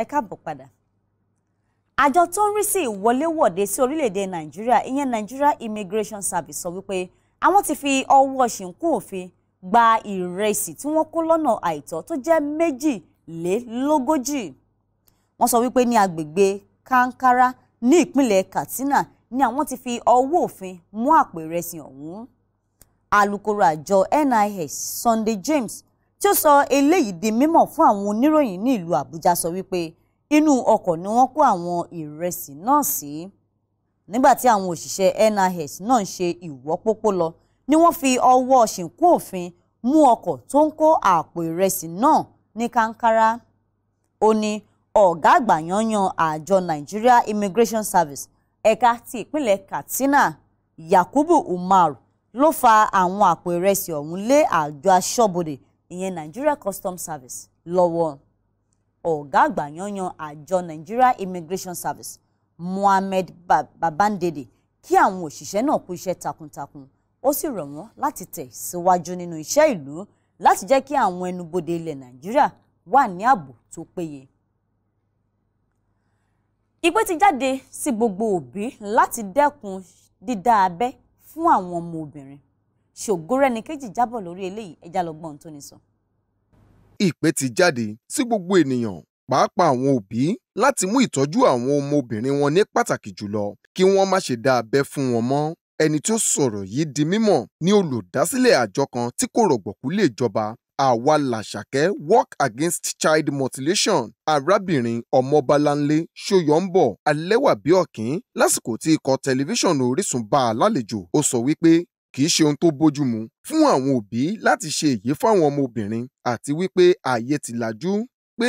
ẹ káàbọ̀ padà. àjọ tó ń rí sí ìwọléwọ̀de sí orílẹ̀-èdè nàìjíríà ìyẹn Nigeria Immigration Service sọ wípé àwọn ti fi ọwọ́ ṣìnkún òfin gba ìrẹsì tí wọ́n kó lọ́nà àìtọ́ tó jẹ́ méjìlélógójì wọ́n sọ wípé ní agbègbè Kankara ní ìpínlẹ̀ Katsina ni àwọn ti fi ọwọ́ òfin mú àpò ìrẹsì ọ̀hún alukoro àjọ NIS Sunday James tí ó sọ eléyìí di mímọ̀ fún àwọn oníròyìn ní ìlú Àbújá sọ wípé inú ọkọ̀ ni wọ́n kó àwọn ìrẹsì náà sí nígbà tí àwọn òṣìṣẹ́ NIS náà ń ṣe ìwọ́pópó lọ ni wọ́n fi ọwọ́ ṣìnkú òfin mú ọkọ̀ tó ń kó àpò ìrẹsì náà ní Kankara ó ní ọ̀gá àgbà yanyan àjọ Nigeria Immigration Service ẹ̀ka ti ìpínlẹ̀ Katsina Yakubu Umar ló fa àwọn àpò ìrẹsì ọ̀hún lé àjọ aṣọ́bodè ìyẹn Nigeria Customs Service lọ́wọ́ ọ̀gá àgbà yanyan àjọ Nigeria Immigration Service Mohammed Babandede kí àwọn òṣìṣẹ́ náà kú iṣẹ́ takuntakun ó sì rọ̀ wọ́n láti tẹ̀ síwájú nínú iṣẹ́ ìlú láti jẹ́ kí àwọn ẹnubodè ilẹ̀ Nàìjíríà wà ní ààbò tó péye. Ìpè ti jáde sí gbogbo òbí láti dẹ́kun dídá abẹ́ fún àwọn ọmọ obìnrin Ṣògorẹ́nìkejì jábọ̀ lórí eléyìí ẹja lọ gbọ́n tó ní sọ. ìpè ti jáde sí gbogbo ènìyàn pàápàá àwọn òbí láti mú ìtọ́jú àwọn ọmọbìnrin wọn ní pàtàkì jùlọ kí wọ́n má ṣe dá abẹ́ fún wọn mọ́ ẹni tí sọ̀rọ̀ yìí di mímọ̀ ní olùdásílẹ̀ àjọ kan tí kò rọ̀gbọ̀kú lè jọba àwa làṣàkẹ́ work against child mutilation arábìnrin ọmọbalanlé ṣóyọ̀ǹbọ̀ alẹ́wàbíọ̀kín lásìkò tí ikọ̀ tẹlifíṣàn Orísun bá a lálejò ó sọ wípé kì í ṣe ohun tó bójú mu fún àwọn òbí láti ṣe èyí fáwọn ọmọbìnrin àti wípé ayé ti lajú pé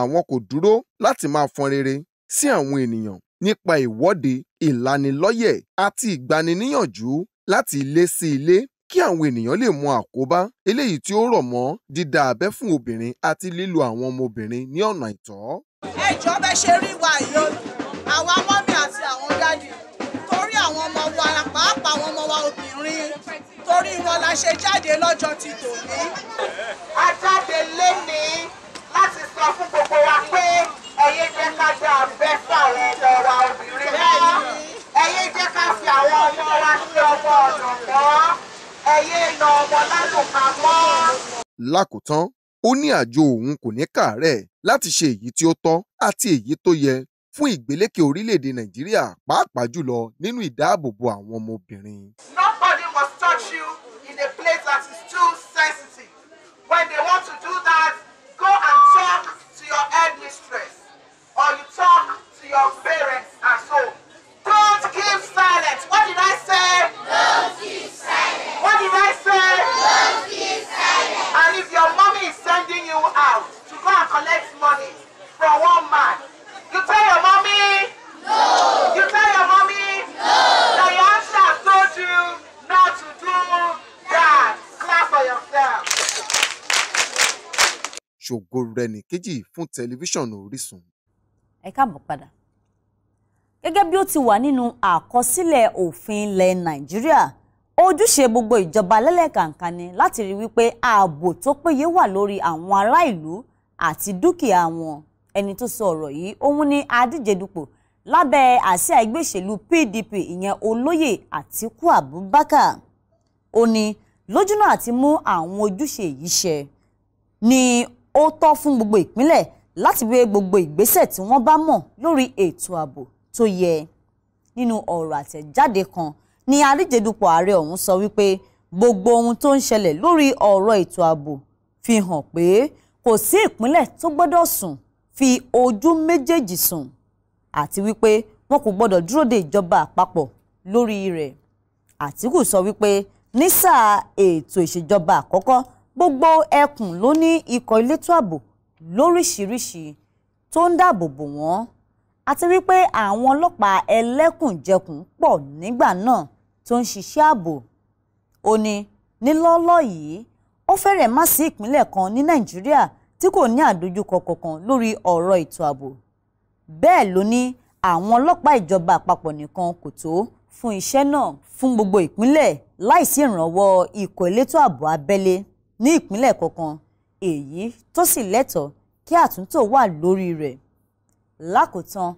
àwọn kò dúró láti máa fọn rere sí àwọn ènìyàn nípa ìwọ́de ìlanilọ́yẹ̀ àti ìgbaniníyànjú láti ilé sí ilé kí àwọn ènìyàn lè mọ àkóbá eléyìí tí ó rọ̀ mọ́ dídá abẹ́ fún obìnrin àti lílo àwọn ọmọbìnrin ní ọ̀nà àìtọ́. ẹ jọ bẹ ṣe rí wa yìí àwọn ọmọ mi àti torí wọn la ṣe jáde lọ́jọ́ ti tòní. a jáde lénìí láti sọ fún gbogbo wa pé ẹyẹ jẹ́ ká dá abẹ́ fáwọn ọmọ wa obìnrin mọ́ ẹyẹ jẹ́ ká fi àwọn ọmọ wa ṣe ọmọ ọ̀nà mọ́ ẹyẹ na ọmọ lálùpà mọ́. lákòótán ó ní àjọ òun kò ní kàárẹ̀ láti ṣe èyí tí ó tọ́ àti èyí tó yẹ fún ìgbélékè orílẹ̀-èdè nàìjíríà pàápàá jùlọ nínú ìdáàbòbò àwọn ọmọbìnrin. When they want to do that, go and talk to your headmistress or you talk to your parents. Ògúnrẹ̀níkejì fún tẹlifíṣàn Orísun. ẹ káàbọ̀ padà gẹ́gẹ́ bí ó ti wà nínú àkọsílẹ̀ òfin ilẹ̀ Nàìjíríà ojúṣe gbogbo ìjọba lẹ́lẹ́kàǹkà ni láti rí wípé ààbò tó péye wà lórí àwọn ará ìlú àti dúkìá wọn ẹni tó sọ ọ̀rọ̀ yìí òun ni adíje dupò lábẹ́ àsíá ẹgbẹ́ ìṣèlú PDP ìyẹn olóyè Àtíkú Abubakar ó ní lójúnà àti mú àwọn ojúṣe yìí ṣe ni ó tọ́ fún gbogbo ìpínlẹ̀ láti wé gbogbo ìgbésẹ̀ tí wọ́n bá mọ̀ lórí ètò ààbò tó yẹ nínú ọ̀rọ̀ àtẹ̀jáde kan ni àríjẹdupò ààrẹ ọ̀hún sọ wípé gbogbo ohun tó ń ṣẹlẹ̀ lórí ọ̀rọ̀ ètò ààbò fi hàn pé kò sí ìpínlẹ̀ tó gbọ́dọ̀ sùn fi ojú méjèèjì sùn àti wípé wọn kò gbọ́dọ̀ dúró de ìjọba àpapọ̀ lórí rẹ̀ Àtíkù sọ wípé ní sáà ètò ìṣèjọba àkọ́kọ́ gbogbo ẹkùn ló ní ikọ̀ elétò ààbò lóríṣìíríṣìí tó ń dáàbò bò wọ́n àti wípé àwọn ọlọ́pàá ẹlẹ́kùnjẹkùn pọ̀ nígbà náà tó ń ṣiṣẹ́ ààbò ó ní nílọ́lọ́ yìí ó fẹ́rẹ̀ má sí ìpínlẹ̀ kan ní nàìjíríà tí kò ní àdójúkọ kankan lórí ọ̀rọ̀ ètò ààbò bẹ́ẹ̀ ló ní àwọn ọlọ́pàá ìjọba àpapọ̀ nìkan kò tó fún iṣẹ́ náà fún gbogbo ìpínlẹ̀ láìsí ìrànwọ́ ikọ̀ elétò ààbò abẹ́lé ní ìpínlẹ̀ kọ̀ọ̀kan èyí tó sì lẹ́tọ̀ọ́ kí àtúntò wà lórí rẹ̀ lákòótán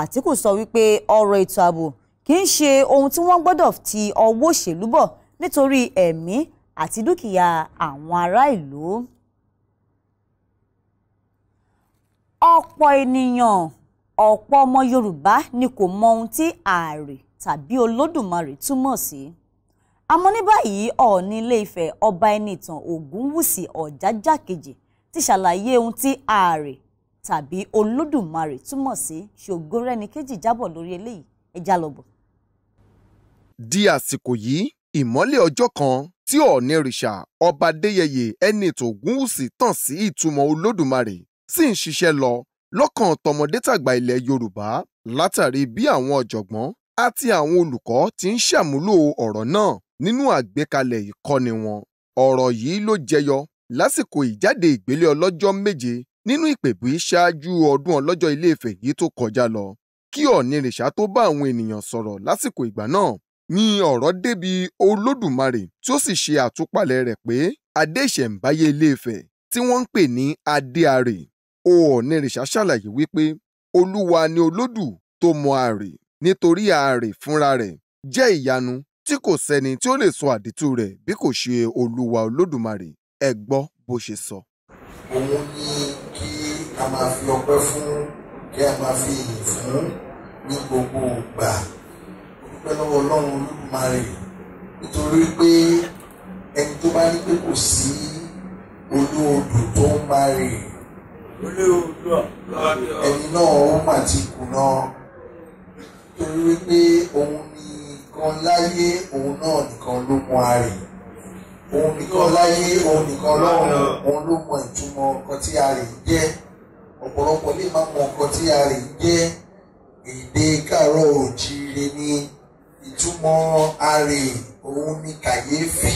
Àtíkù sọ wípé ọ̀rọ̀ ètò ààbò kì í ṣe ohun tí wọ́n gbọ́dọ̀ ti ọwọ́ òṣèlú bọ̀ nítorí ẹ̀mí àti dúkìá àwọn ará ìlú. ọ̀pọ̀ ènìyàn ọ̀pọ̀ ọmọ Yorùbá ni kò mọ ohun tí ààrẹ tàbí Olódùmarè túmọ̀ sí. Si àmọ́ ní báyìí ọ̀ọ́ni ilé-ifẹ̀ ọba ẹnìtàn ògúnwùsì ọ̀jájá kejì ti ṣàlàyé ohun tí ààrẹ tàbí olódùmarè túmọ̀ sí ṣògórẹ́nìkejì jábọ̀ lórí eléyìí ẹja lọ́gbọ̀. di àsìkò yìí ìmọ́lẹ̀ ọjọ́ kan tí ọ̀ọ́ni rìṣà ọba adéyẹyè ẹnìtàn ògúnwùsì tàn sí ìtumọ̀ olódùmarè sì ń ṣiṣẹ́ lọ lọ́kàn tọmọdé tàgbà ilẹ̀ yorùbá látàrí bí àwọn ọ̀jọ̀gbọ́n àti àwọn olùkọ́ ti ń ṣàmúlò ọ̀rọ̀ náà nínú àgbékalẹ̀ ìkọ́ni wọn. ọ̀rọ̀ yìí ló jẹyọ lásìkò ìjáde ìgbélé ọlọ́jọ́ méje nínú ìpèbí ṣáájú ọdún ọlọ́jọ́ Ilé-Ifẹ̀ yìí tó kọjá lọ kí Ọ̀nìrìṣà tó bá àwọn ènìyàn sọ̀rọ̀ lásìkò ìgbà náà ni ọ̀rọ̀ débi Olódùmarè tí ó sì ṣe àtúpalẹ̀ rẹ̀ pé adé ìṣẹ̀ǹbáyé Ilé-Ifẹ̀ tí wọ́n ń pè ní adé àrè Ọ̀nìrìṣà ṣàlàyé wípé Olúwa ni Olódù tó mọ àrè nítorí àrè fúnra rẹ̀ jẹ́ ìyanu tí kò sẹ́ni tí ó lè sọ àdìtú rẹ̀ bí kò ṣe olúwa olódùmarè ẹ gbọ́ bó ṣe sọ. òun ni kí a máa fi ọpẹ́ fún kí a máa fi ìyìn fún ní gbogbo ìgbà ọpẹ́ lọ́wọ́ ọlọ́run olódùmarè nítorí pé ẹni tó bá ní pé kò sí olóòdù tó ń bá rè ẹni náà ó mà ti kùnà torí wípé òun nìkan láyé òun náà nìkan ló mọ ààrẹ òun nìkan láyé òun nìkan lọ́run òun ló mọ ìtumọ̀ nǹkan tí ààrẹ ń jẹ́ ọ̀pọ̀lọpọ̀ lè má mọ nǹkan tí ààrẹ ń jẹ́ èdè káàárọ̀ òjíire ni ìtumọ̀ ààrẹ òun ni kàyéfì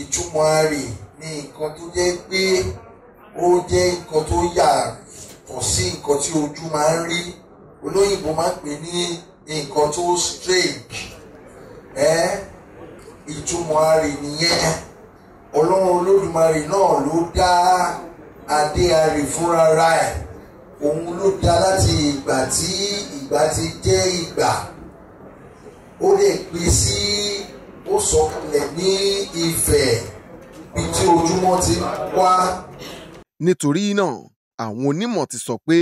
ìtumọ̀ ààrẹ ni nǹkan tó jẹ́ pé ó jẹ́ nǹkan tó yà kò sí nǹkan tí ojú máa ń rí olóyìnbó máa ń pè ní nǹkan tó straight ẹ́ ìtumọ̀ àrè nìyẹn ọlọ́run olódùmarè náà ló dá adé àrè fúnra ra ẹ̀ òun ló dá láti ìgbà tí ìgbà ti jẹ́ ìgbà ó lè pín sí ó sọ̀kalẹ̀ ní Ifẹ̀ bí tí ojúmọ́ ti wá. nítorí náà àwọn onímọ̀ ti sọ pé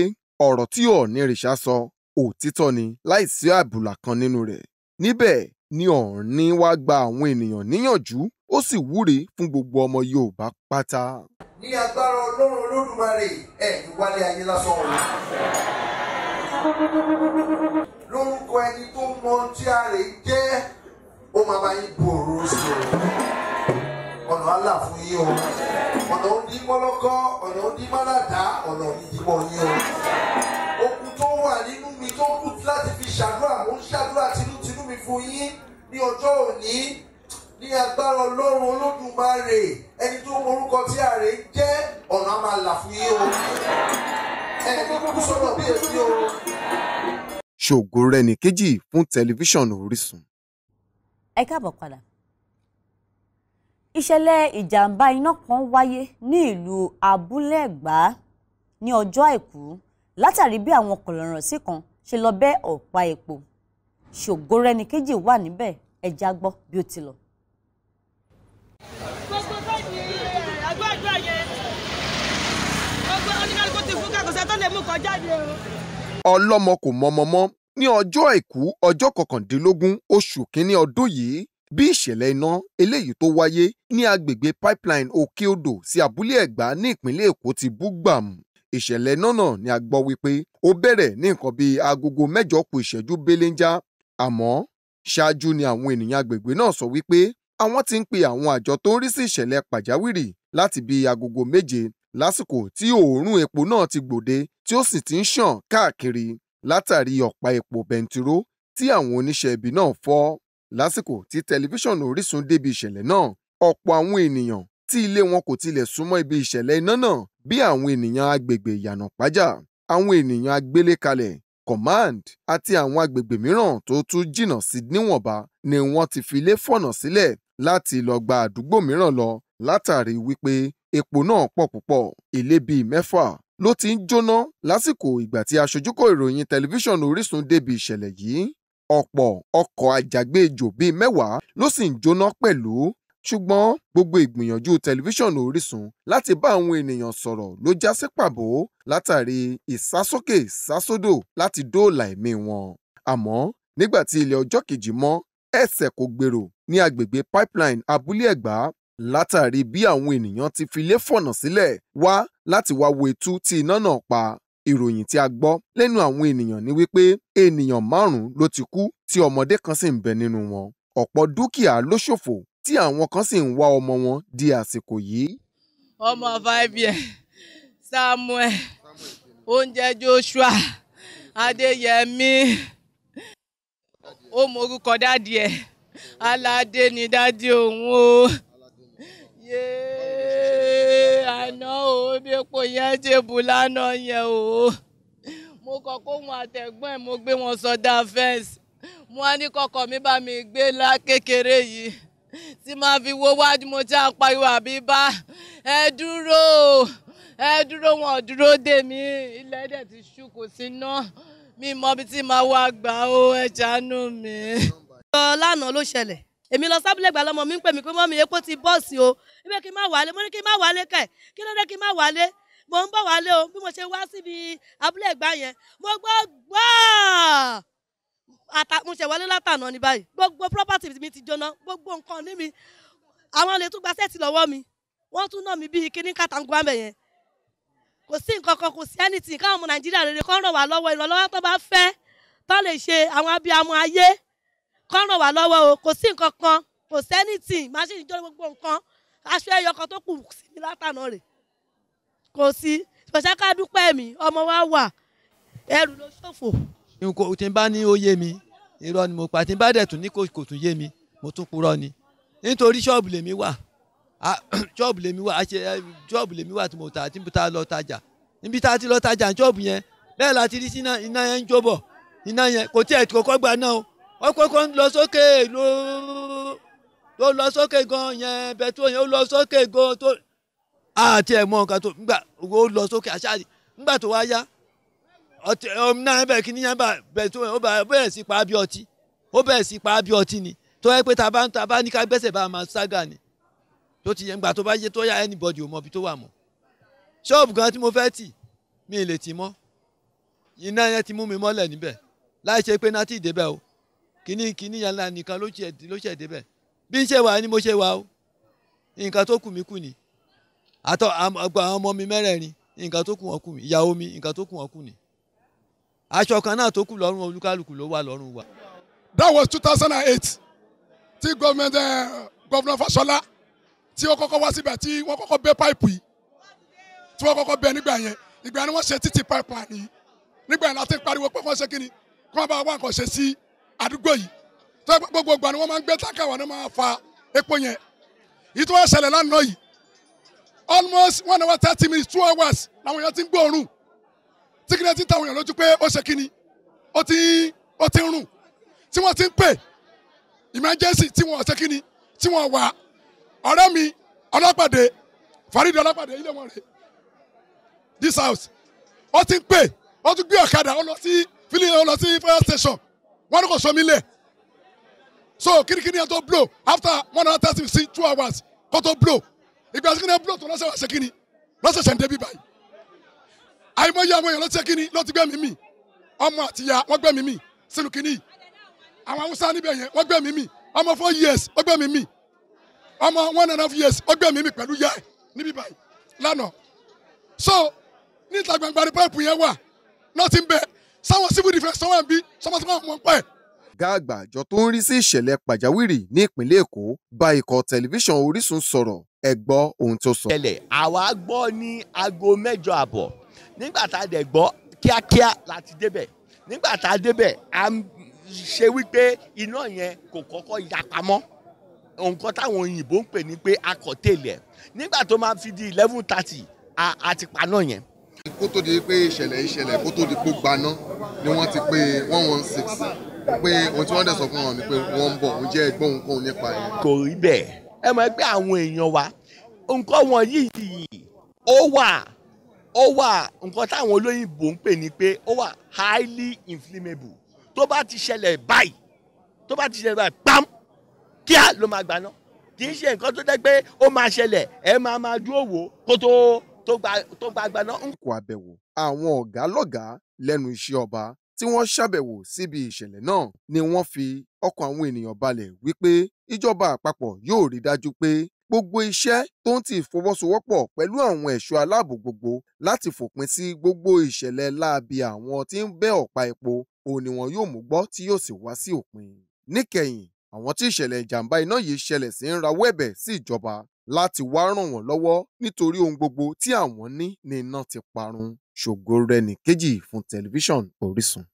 ọ̀rọ̀ tí Ọ̀ọ̀nirìṣà sọ òtítọ́ ni láìsí àbùlà kan nínú rẹ̀. Níbẹ̀ ni Ọọ̀ni wá gba àwọn ènìyàn níyànjú ó sì wúre fún gbogbo ọmọ Yorùbá pátá. Ní agbára Ọlọ́run Olódùmarè ẹ̀ ní ayé lásán o. Lórúkọ ẹni tó mọ tí a rè jẹ́ ó máa bá yín bu òru sí o. Ọ̀nà àlà fún yín o. Ọ̀nà òdì mọ́lọ́kọ́, ọ̀nà òdì mọ́ládàá, ọ̀nà òdì mọ́ yín o tó kù láti fi ṣàdúrà mò ń ṣàdúrà tinútinú mi fún yín ní ọjọ́ òní ní agbára ọlọ́run olódùmarè ẹni tó orúkọ tí ààrẹ jẹ́ ọ̀nà á máa là fún yín o ẹni kú sọ́nà bí èmi o. ṣògo rẹ nìkejì fún tẹlifíṣàn Orísun. ẹ káàbọ̀ padà ìṣẹ̀lẹ̀ ìjàmbá iná kan wáyé ní ìlú Abúlé Ẹ̀gbá ní ọjọ́ àìkú látàrí bí àwọn kọ̀lọ̀rọ̀ sí kan ṣe lọ bẹ́ ọ̀pá epo ṣògórẹ́ni kejì wà níbẹ̀ ẹja gbọ́ bí ó ti lọ. gbogbo báyìí àgọ́ àdúrà yẹn gbogbo oníkálukú ti fún kàkọ́sẹ́ tó lè mú kọjá ni o. ọlọ́mọ kò mọ́mọ́mọ́ ní ọjọ́ àìkú ọjọ́ kọkàndínlógún oṣù kínní ọdún yìí bí ìṣẹ̀lẹ̀ iná eléyìí tó wáyé ní agbègbè pipeline òkè odò sí abúlé ẹ̀gbá ní ìpínlẹ̀ èkó ti bú gbàm ìṣẹ̀lẹ̀ náà náà ni a gbọ́ wípé ó bẹ̀rẹ̀ ní nǹkan bíi agogo mẹ́jọ kù ìṣẹ́jú béléńjá àmọ́ ṣáájú ni àwọn ènìyàn agbègbè náà sọ wípé àwọn ti ń pe àwọn àjọ tó ń rí sí ìṣẹ̀lẹ̀ pàjáwìrì láti bíi agogo méje lásìkò tí òórùn epo náà ti gbòde tí ó sì ti ń ṣàn káàkiri látàrí ọ̀pá epo bẹntiró tí àwọn oníṣẹ́ ibi náà fọ́. lásìkò tí tẹlifíṣàn Orísun débi ìṣẹ̀lẹ̀ náà ọ̀pọ̀ àwọn ènìyàn tí ilé wọn kò tilẹ̀ súnmọ́ ibi ìṣẹ̀lẹ̀ iná náà bí àwọn ènìyàn agbègbè ìyànà pàjá àwọn ènìyàn agbélékalẹ̀ command àti àwọn agbègbè mìíràn tó tún jìnnà sí níwọ̀nba ni wọ́n ti fi lè fọ̀nà sílẹ̀ láti lọ gba àdúgbò mìíràn lọ látàrí wípé epo náà pọ̀ púpọ̀ ilé bíi mẹ́fà ló ti ń jóná lásìkò ìgbà tí aṣojúkọ ìròyìn tẹlifíṣàn Orísun débi ìṣẹ̀lẹ̀ yìí ọ̀pọ̀ ọkọ̀ ajàgbé ejò bíi mẹ́wàá ló sì ń jóná pẹ̀lú ṣùgbọ́n gbogbo ìgbìyànjú tẹlifíṣàn Orísun láti bá àwọn ènìyàn sọ̀rọ̀ ló já sí pàbó látàrí ìsásókè sásódò láti dóòlà ẹ̀mí wọn. Àmọ́ nígbà tí ilẹ̀ ọjọ́ kejì mọ́ ẹsẹ̀ kò gbèrò ní agbègbè Pipeline abúlé Ẹ̀gbá látàrí bí àwọn ènìyàn ti filé fọ̀nà sílẹ̀ wá láti wá wo etú tí iná náà pa. Ìròyìn tí a gbọ́ lẹ́nu àwọn ènìyàn ni wípé ènìyàn márùn-ún ló ti kú tí ọmọdé kan sì ń bẹ nínú wọn. Ọ̀pọ̀ dúkìá ló ṣòfò tí àwọn kan sì ń wá ọmọ wọn di àsìkò yìí. ọmọ five year Samuel oúnjẹ Joshua Adéyẹmí ó morúkọ dáàdì ẹ aládé ni dáàdì òun o yéé àná o bí epo yẹn ṣe lánàá yẹn o mo kọ kó wọn àtẹ̀gbọ́n ẹ̀ mo gbé wọn sọdá fẹ́ǹsì mo á ní kọkọ mi bá mi gbé lá kékeré yìí tí máa fi wo wájú mo ti àpariwo àbíbá ẹ dúró ẹ dúró wọn dúró dè mí ilẹ̀ dẹ̀ ti ṣú kò sí ná mi mọ ibi tí màá wá gbà ó ẹ ṣàánú mi. lánàá ló ṣẹlẹ̀ èmi lọ sábìlẹ̀ gbà lọ́mọ mi ń pè mí pé mọ́mí epo ti bọ́ọ̀sì o ibẹ̀ kí n má wálé mo ní kí n má wálé kẹ̀ kí ló dé kí n má wálé mo ń bọ̀ wálé o bí mo ṣe wá síbi abúlé ìgbà yẹn mo gbọ́ gbọ́ mo ṣe wọlé látànà ní báyìí gbogbo property mi ti jóná gbogbo nǹkan ní mi àwọn olè tún gba sẹ́ẹ̀tì lọ́wọ́ mi wọ́n tún ná mi bíi kíní kàtàǹgù àmẹ̀ yẹn kò sí nǹkan kan kò sí anything káwọn ọmọ nàìjíríà rere kọ́ ràn wá lọ́wọ́ ìrànlọ́wọ́ tó bá fẹ́ tó lè ṣe àwọn abiyamọ ayé kọ́ ràn wá lọ́wọ́ o kò sí nǹkan kan kò sí anything máṣíìnì jóná gbogbo nǹkan aṣọ ẹyọ kan tó kù sí mi látànà rẹ̀ kò sí ìpèsè ká dúpẹ́ mi ọmọ wa wà ẹrù ló ṣòfò. nǹkan tí n bá ní ó yé mi irọ́ ni mo pa tí n bá dẹ̀ tún ní kò tún yé mi mo tún purọ́ ni nítorí ṣọ́ọ̀bù lèmi wà ṣọ́ọ̀bù lèmi wà ṣọ́ọ̀bù lèmi wà tí mo ta tí mo ta lọ tajà níbi tá a ti lọ tajà ṣọ́ọ̀bù yẹn bẹ́ẹ̀ la ti rí sí iná yẹn ń jó iná yẹn kò tí ẹ̀ náà ó lọ sókè ló lọ sókè gan yẹn bẹ̀tú yẹn ó lọ sókè gan tó àti ẹ̀ nǹkan tó ń gbà ó lọ sókè àṣà ọtí ọmọ náà bẹ̀rẹ̀ kí níyàn bẹ̀rẹ̀ sí pa á bí ọtí ó bẹ̀rẹ̀ sí pa bí ọtí ni tó yẹ pé tàbá tàbá ní ká gbẹ́sẹ̀ bá máa ságà ni tó ti yẹ ńgbà tó bá yẹ tó yá anybody ò mọ ibi tó wà mọ́ ṣọ́ọ̀bù gan tí mo fẹ́ tì mi ì lè tì mọ́ iná yẹn ti mú mi mọ́lẹ̀ níbẹ̀ láì ṣe pé náà ti débẹ̀ o kíní kíní yẹn la nìkan ló ṣe ló ṣe débẹ̀ bí n ṣe wà ni mo ṣe wà o nǹkan tó kù mí kù ni àtọ àgbà ọmọ mi mẹ́rẹ̀ẹ̀rin nǹkan tó kù wọn kù mi ìyàwó mi nǹkan tó kù wọn kù ni aṣọ kan náà tó kù lọ́rùn olúkálùkù ló wà lọ́rùn wa. that was two thousand and eight tí gọọmenti eh, gọvnọ Faṣọlá tí ó kọ́kọ́ wá síbẹ̀ tí wọ́n kọ́kọ́ bẹ́ páìpù yìí tí wọ́n kọ́kọ́ bẹ́ nígbà yẹn ìgbà yẹn ni wọ́n ṣe títì páìpù àní nígbà yẹn láti pariwo pé wọ́n ṣe kí ni kí wọ́n bá wá nǹkan ṣe sí àdúgbò yìí tó gbogbo ìgbà ni wọ́n máa ń gbé táǹkà wọn ni wọ́n máa fa epo yẹn yìí tó wọ́n ṣẹlẹ̀ lánàá yìí almost one hour thirty minutes two hours làwọn èèyàn ti ń gbóòórùn sígínẹ́tì táwọn èèyàn lójú pé ó ṣe kínni ó ti ó ti ń rùn tí wọ́n ti ń pè emergency tí wọ́n ṣe kínni tí wọ́n wà ọ̀rẹ́ mi ọlọ́pàdé Farid ọlọ́pàdé ilé wọn rè this house ó ti ń pè ó ti gbé ọ̀kadà ó lọ sí fili ó lọ sí fire station wọ́n ní kò sọ mí so kirikiri yẹn tó blow after one hundred thirty two hours kó tó blow ìgbà sígínẹ́ blow tó lọ́sẹ̀ wá ṣe kínni lọ́sẹ̀ ṣẹ̀ ń débi báyìí àìmọye àwọn èèyàn ló ṣe kínní ló ti gbẹ̀mí mì ọmọ àtìyá wọ́n gbẹ̀mí mì sínú kínní àwọn haúsá níbẹ̀ yẹn wọ́n gbẹ̀mí mì ọmọ four years ó gbẹ̀mí mì ọmọ one and a half years ó gbẹ̀mí mì pẹ̀lú yá ẹ̀ níbí báyìí lánàá so níta gbangba ni pẹ́ẹ́pù yẹn wà nọ́ọ̀tì ń bẹ sáwọn civil defence tó wà ń bí sọmọsọmọ àwọn ọmọ pẹ́ẹ́ ọ̀gá àgbà àjọ tó ń rí sí ìṣẹ̀lẹ̀ pàjáwìrì ní ìpínlẹ̀ Èkó bá ikọ̀ tẹlifíṣàn Orísun sọ̀rọ̀ ẹ gbọ́ ohun tó sọ. tẹ́lẹ̀ àwa gbọ́ ní aago mẹ́jọ àbọ̀ nígbà tá a dẹ̀ gbọ́ kíákíá láti débẹ̀ nígbà tá a débẹ̀ a ṣe wípé iná yẹn kò kọ́kọ́ yapamọ́ nǹkan táwọn òyìnbó ń pè ní pé akọ̀tẹ́lẹ̀ nígbà tó máa fi di eleven thirty a ti paná yẹn kó tó di pé ìṣẹ̀lẹ̀ ìṣẹ̀lẹ̀ kó tó di pé gbaná ni wọ́n ti pé one one six pé ohun tí wọ́n dẹ̀ sọ fún wọn ni pé wọ́n ń bọ̀ òun jẹ́ ẹgbọ́n nǹkan nípa ẹ̀. kò rí bẹ́ẹ̀ ẹ mọ̀ pé àwọn èèyàn wa nǹkan wọn yìí ó wà ó wà nǹkan táwọn olóyìnbó ń pè ní pé ó wà highly inflammable tó bá ti ṣẹlẹ̀ báyìí tó bá ti ṣẹlẹ̀ báyìí pam kíá ló máa gbaná kì í ṣe nǹkan tó dẹ́ pé ó máa ṣẹlẹ̀ ẹ máa máa dúró wò kó tó tó gba gbaná. kò àbẹ̀wò àwọn ọ̀gá lọ́gàá lẹ́nu iṣẹ́ ọba tí wọ́n ṣàbẹ̀wò síbi ìṣẹ̀lẹ̀ náà ni wọ́n fi ọkàn àwọn ènìyàn balẹ̀ wípé ìjọba àpapọ̀ yóò rí dájú pé gbogbo iṣẹ́ tó ń ti ìfọwọ́sowọ́pọ̀ pẹ̀lú àwọn ẹ̀ṣọ́ aláàbò gbogbo láti fòpin sí gbogbo ìṣẹ̀lẹ̀ láabi àwọn tí ń bẹ́ ọ̀pá epo òun wọn yóò mú gbọ́ tí yóò sì wá sí òpin. níkẹyìn àwọn tí ìṣẹ̀lẹ̀ ìjàmbá iná yìí ṣẹlẹ̀ sí ń rawọ́ ẹ̀bẹ̀ sí ìjọba láti wá ràn wọ́n lọ́wọ́ nítorí ohun gbogbo tí àwọn ní ni iná ti parun. ṣògo rẹ nìkejì fún tẹlifíṣàn Orísun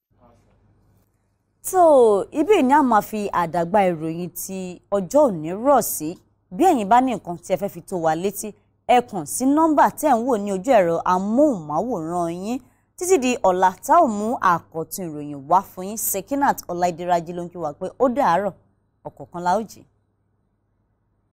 tó so, ni a máa fi àdàgbà ìròyìn ti ọjọ́ òní rọ̀ sí bí ẹ̀yin bá ní nǹkan tí ẹ fẹ́ fi tó wa létí ẹ kàn sí nọ́mbà tẹ́ ń wò ní ojú ẹ̀rọ amóhùnmáwòrán yín títí di ọ̀la tá ò mú àkọ́tún ìròyìn wá fún yín Sekinat Ọláìdíraji ló ń kí wa pé ó dàárọ̀ ọ̀kọ̀ọ̀kan la